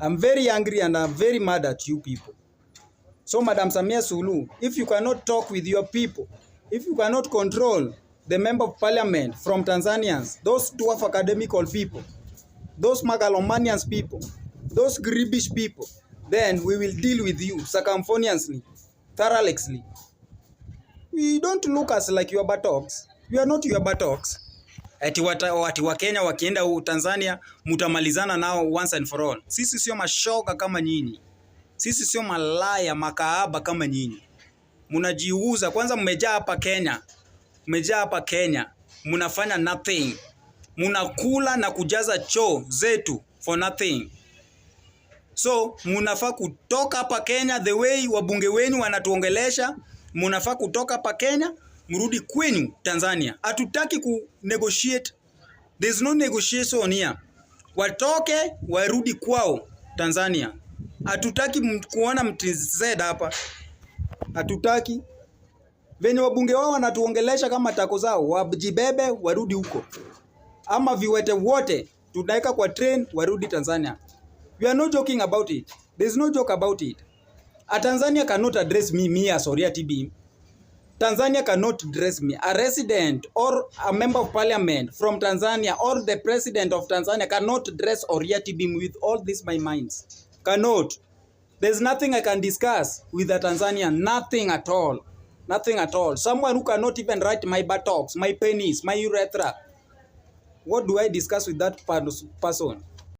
I'm very angry and I'm very mad at you people. So Madam Samia Sulu, if you cannot talk with your people, if you cannot control the member of parliament from Tanzanians, those dwarf academical people, those Magalomanians people, those Gribish people, then we will deal with you circumphoniously, thoroughly. We don't look as like your buttocks. We are not your buttocks. ati wati kenya wakienda Tanzania mutamalizana nao once and for all. Sisi sio mashoga kama nyinyi, sisi sio malaya makaaba kama nyinyi. Munajiuza kwanza, mmejaa hapa Kenya, mmejaa hapa Kenya, munafanya nothing, munakula na kujaza choo zetu for nothing. So munafaa kutoka hapa Kenya, the way wabunge wenu wanatuongelesha, munafaa kutoka hapa Kenya mrudi kwenu Tanzania. Hatutaki ku negotiate. There's no negotiation here. Watoke warudi kwao Tanzania. Hatutaki kuona mtizeda hapa, hatutaki venye wabunge wao wanatuongelesha kama tako zao. Wajibebe warudi huko, ama viwete wote tunaweka kwa train warudi Tanzania. We are not joking about it. There is no joke about it. A Tanzania cannot address me, me as ah, Oria ah, TB Tanzania cannot dress me. A resident or a member of parliament from Tanzania or the president of Tanzania cannot dress Oryati Bim with all this my minds. Cannot. There's nothing I can discuss with a Tanzanian. Nothing at all. Nothing at all. Someone who cannot even write my buttocks, my penis, my urethra. What do I discuss with that person?